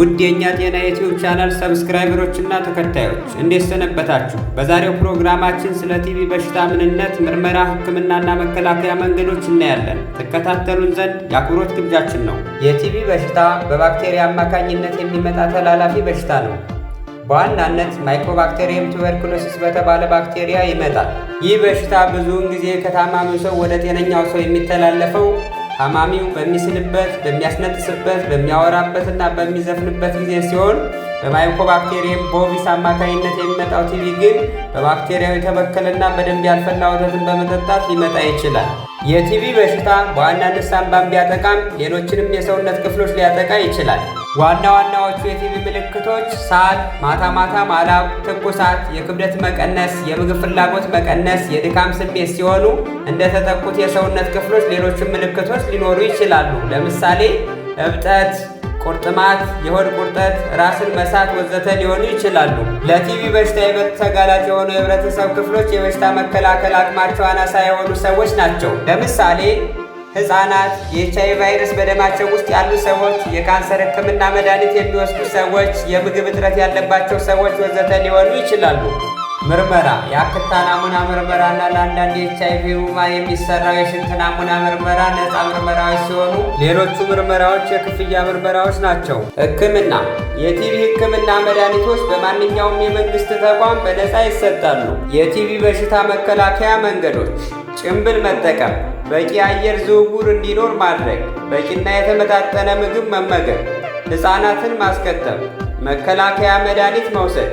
ውድ የእኛ ጤና ዩቲዩብ ቻናል ሰብስክራይበሮች እና ተከታዮች እንዴት ሰነበታችሁ? በዛሬው ፕሮግራማችን ስለ ቲቪ በሽታ ምንነት፣ ምርመራ፣ ሕክምናና መከላከያ መንገዶች እናያለን። ትከታተሉን ዘንድ የአክብሮት ግብዣችን ነው። የቲቪ በሽታ በባክቴሪያ አማካኝነት የሚመጣ ተላላፊ በሽታ ነው። በዋናነት ማይኮባክቴሪየም ቱበርኩሎሲስ በተባለ ባክቴሪያ ይመጣል። ይህ በሽታ ብዙውን ጊዜ ከታማሚው ሰው ወደ ጤነኛው ሰው የሚተላለፈው ታማሚው በሚስልበት፣ በሚያስነጥስበት፣ በሚያወራበትና በሚዘፍንበት ጊዜ ሲሆን በማይኮባክቴሪየም ቦቪስ አማካኝነት የሚመጣው ቲቪ ግን በባክቴሪያው የተበከለና በደንብ ያልፈላ ወተትን በመጠጣት ሊመጣ ይችላል። የቲቪ በሽታ በዋናነት ሳንባን ቢያጠቃም ሌሎችንም የሰውነት ክፍሎች ሊያጠቃ ይችላል። ዋና ዋናዎቹ የቲቪ ምልክቶች ሳል፣ ማታ ማታ ማላብ፣ ትኩሳት፣ የክብደት መቀነስ፣ የምግብ ፍላጎት መቀነስ፣ የድካም ስሜት ሲሆኑ እንደተጠቁት የሰውነት ክፍሎች ሌሎችን ምልክቶች ሊኖሩ ይችላሉ። ለምሳሌ እብጠት ቁርጥማት፣ የሆድ ቁርጠት፣ ራስን መሳት ወዘተ ሊሆኑ ይችላሉ። ለቲቪ በሽታ የበት ተጋላጭ የሆኑ የህብረተሰብ ክፍሎች የበሽታ መከላከል አቅማቸው አናሳ የሆኑ ሰዎች ናቸው። ለምሳሌ ህጻናት፣ የኤች ቫይረስ በደማቸው ውስጥ ያሉ ሰዎች፣ የካንሰር ህክምና መድኃኒት የሚወስዱ ሰዎች፣ የምግብ እጥረት ያለባቸው ሰዎች ወዘተ ሊሆኑ ይችላሉ። ምርመራ የአክታ ናሙና ምርመራ እና ለአንዳንድ ኤች አይ ቪ የሚሰራው የሽንት ናሙና ምርመራ ነፃ ምርመራዎች ሲሆኑ ሌሎቹ ምርመራዎች የክፍያ ምርመራዎች ናቸው። ሕክምና የቲቪ ሕክምና መድኃኒቶች በማንኛውም የመንግስት ተቋም በነፃ ይሰጣሉ። የቲቪ በሽታ መከላከያ መንገዶች ጭንብል መጠቀም፣ በቂ አየር ዝውውር እንዲኖር ማድረግ፣ በቂና የተመጣጠነ ምግብ መመገብ፣ ሕፃናትን ማስከተብ፣ መከላከያ መድኃኒት መውሰድ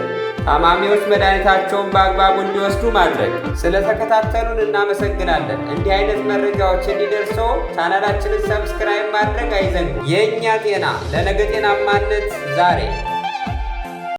ታማሚዎች መድኃኒታቸውን በአግባቡ እንዲወስዱ ማድረግ። ስለተከታተሉን እናመሰግናለን። እንዲህ አይነት መረጃዎች እንዲደርሰው ቻናላችንን ሰብስክራይብ ማድረግ አይዘንጉ። የእኛ ጤና ለነገ ጤናማነት ዛሬ